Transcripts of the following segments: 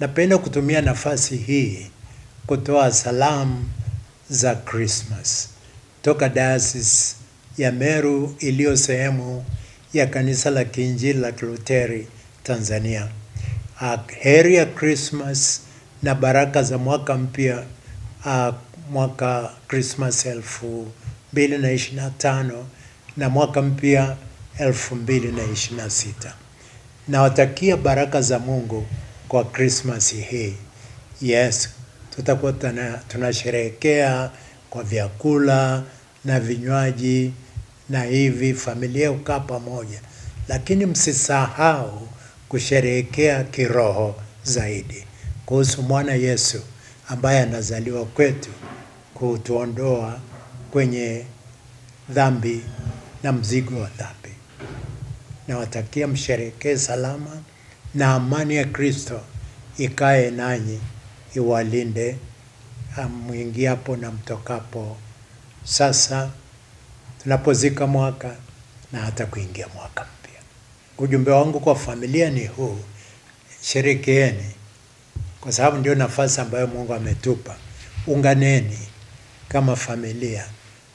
Napenda kutumia nafasi hii kutoa salamu za Krismas toka Dayosisi ya Meru iliyo sehemu ya Kanisa la Kiinjili la Kiluteri Tanzania. Ah, heri ya Christmas na baraka za mwaka mpya, ah, mwaka Christmas elfu mbili na ishirini na tano na mwaka mpya elfu mbili na ishirini na sita. Nawatakia baraka za Mungu kwa Krismasi hii. Yes, tutakuwa tunasherehekea kwa vyakula na vinywaji na hivi, familia ukaa pamoja, lakini msisahau kusherehekea kiroho zaidi kuhusu mwana Yesu ambaye anazaliwa kwetu kutuondoa kwenye dhambi na mzigo wa dhambi. Nawatakia msherekee salama na amani ya Kristo ikae nanyi, iwalinde mwingiapo na mtokapo, sasa tunapozika mwaka na hata kuingia mwaka mpya. Ujumbe wangu kwa familia ni huu: sherekeeni kwa sababu ndio nafasi ambayo Mungu ametupa. Unganeni kama familia,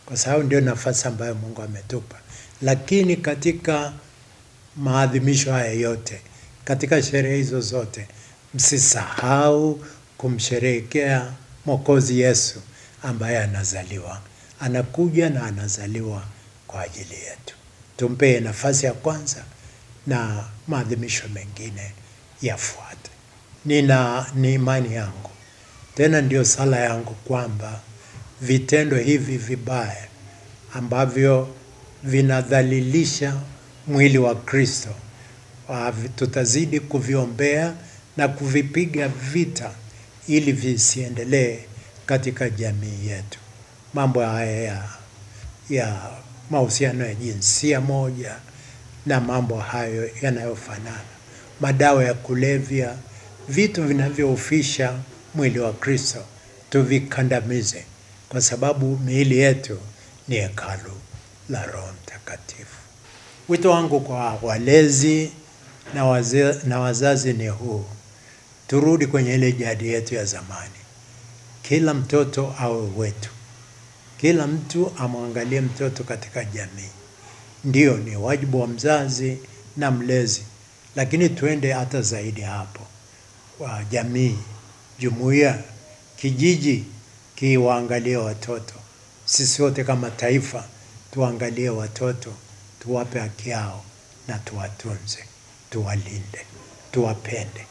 kwa sababu ndio nafasi ambayo Mungu ametupa. Lakini katika maadhimisho haya yote katika sherehe hizo zote, msisahau kumsherehekea Mwokozi Yesu ambaye anazaliwa, anakuja na anazaliwa kwa ajili yetu. Tumpee nafasi ya kwanza na maadhimisho mengine yafuate. Nina ni imani yangu tena ndiyo sala yangu kwamba vitendo hivi vibaya ambavyo vinadhalilisha mwili wa Kristo Ah, tutazidi kuviombea na kuvipiga vita ili visiendelee katika jamii yetu. Mambo haya ya, ya mahusiano ya jinsia moja na mambo hayo yanayofanana, madawa ya kulevya, vitu vinavyoufisha mwili wa Kristo tuvikandamize, kwa sababu miili yetu ni hekalu la Roho Mtakatifu. Wito wangu kwa walezi na, waze, na wazazi ni huu. Turudi kwenye ile jadi yetu ya zamani, kila mtoto awe wetu, kila mtu amwangalie mtoto katika jamii. Ndiyo, ni wajibu wa mzazi na mlezi, lakini tuende hata zaidi hapo, kwa jamii, jumuiya, kijiji kiwaangalie watoto. Sisi wote kama taifa tuangalie watoto, tuwape haki yao na tuwatunze tuwalinde, tuwapende.